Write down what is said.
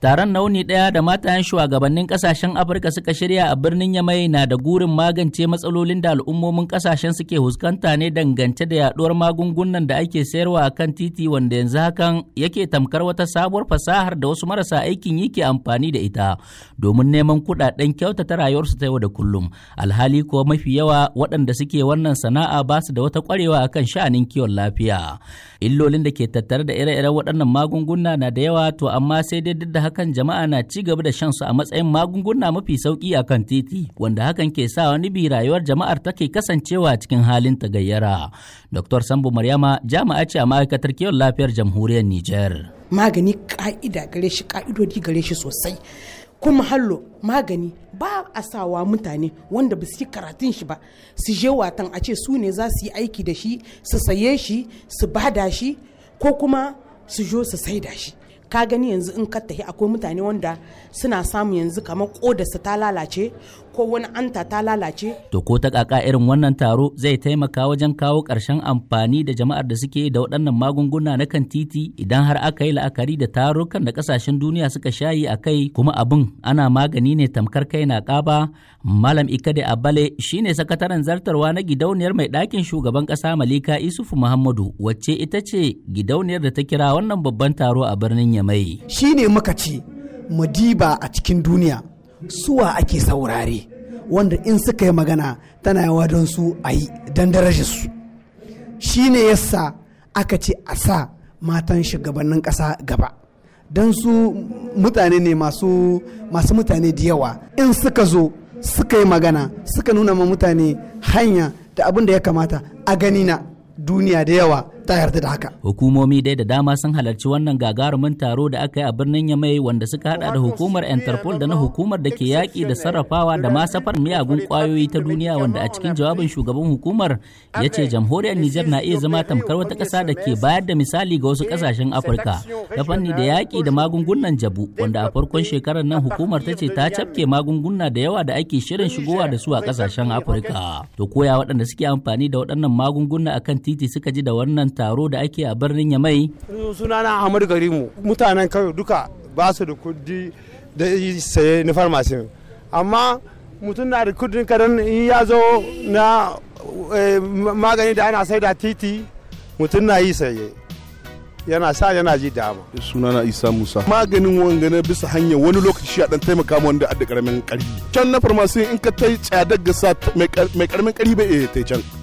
Taron nauni ɗaya da matayen shugabannin ƙasashen Afirka suka shirya a birnin Yamai na da gurin magance matsalolin da al'ummomin ƙasashen suke huskanta ne dangance da yaɗuwar magungunan da ake sayarwa a kan titi wanda yanzu hakan yake tamkar wata sabuwar fasahar da wasu marasa aikin yi ke amfani da ita domin neman kuɗaɗen kyautata rayuwarsu ta yau da kullum. Alhali kuwa mafi yawa waɗanda suke wannan sana'a ba su da wata ƙwarewa akan sha'anin kiwon lafiya. Illolin da ke tattare da ire-iren waɗannan magunguna na da yawa to amma sai dai duk da hakan jama'a na ci gaba da shansu a matsayin magunguna mafi sauki a kan titi wanda hakan ke sa wani bi rayuwar jama'ar take kasancewa cikin halin ta gayyara Dr. sambo Maryama jami'a ce a ma'aikatar kiwon lafiyar jamhuriyar Nijar. Magani ka'ida gare shi ka'idodi gare shi sosai. kuma hallo magani ba a sawa mutane wanda ba su yi karatun shi ba su je watan a ce su ne za su yi aiki da shi su saye shi su bada shi ko kuma su zo su saida shi ka gani yanzu in ka tafi akwai mutane wanda suna samu yanzu kamar koda su ta lalace ko wani anta ta lalace. To ko ta kaka irin wannan taro zai taimaka wajen kawo ƙarshen amfani da jama'ar da suke da waɗannan magunguna na kan titi idan har aka yi la'akari da tarukan da ƙasashen duniya suka shayi a kai kuma abin ana magani ne tamkar kai na ƙaba. Malam Ikade Abale shine sakataren zartarwa na gidauniyar mai ɗakin shugaban ƙasa Malika Isufu Muhammadu wacce ita ce gidauniyar da ta kira wannan babban taro a birnin Yamai. Shine muka ce mu diba a cikin duniya suwa ake saurare wanda in suka yi magana tana yawa don su a yi don daraja su shi ne yasa aka ce a sa matan shugabannin ƙasa gaba don su mutane ne masu mutane da yawa in suka zo suka yi magana suka nuna ma mutane hanya da abin da ya kamata a gani na duniya da yawa ta yarda da haka. Hukumomi dai da dama sun halarci wannan gagarumin taro da aka yi a birnin Yamai wanda suka hada da hukumar Interpol da na hukumar da ke yaƙi da sarrafawa da ma safar miyagun ƙwayoyi ta duniya wanda a cikin jawabin shugaban hukumar ya ce jamhuriyar Nijar na iya zama tamkar wata ƙasa da ke bayar da misali ga wasu ƙasashen Afirka ta fanni da yaƙi da magungunan jabu wanda a farkon shekarar nan hukumar ta ce ta cafke magunguna da yawa da ake shirin shigowa da su a ƙasashen Afirka. To koya waɗanda suke amfani da waɗannan magunguna akan titi suka ji da wannan taro da ake a birnin Yamai. Sunana Ahmadu garimu mutanen kawai duka ba su da kudi da saye na farmasi amma mutum na da kudin kadan in ya zo na eh, magani da ana sai da titi mutum na yi saye yana sa yana ji dama sunana isa musa maganin wangane bisa hanya wani lokaci a dan taimaka wanda a da karamin kari can na farmasi in ka tai tsadar sa mai karamin kari bai iya eh, tai can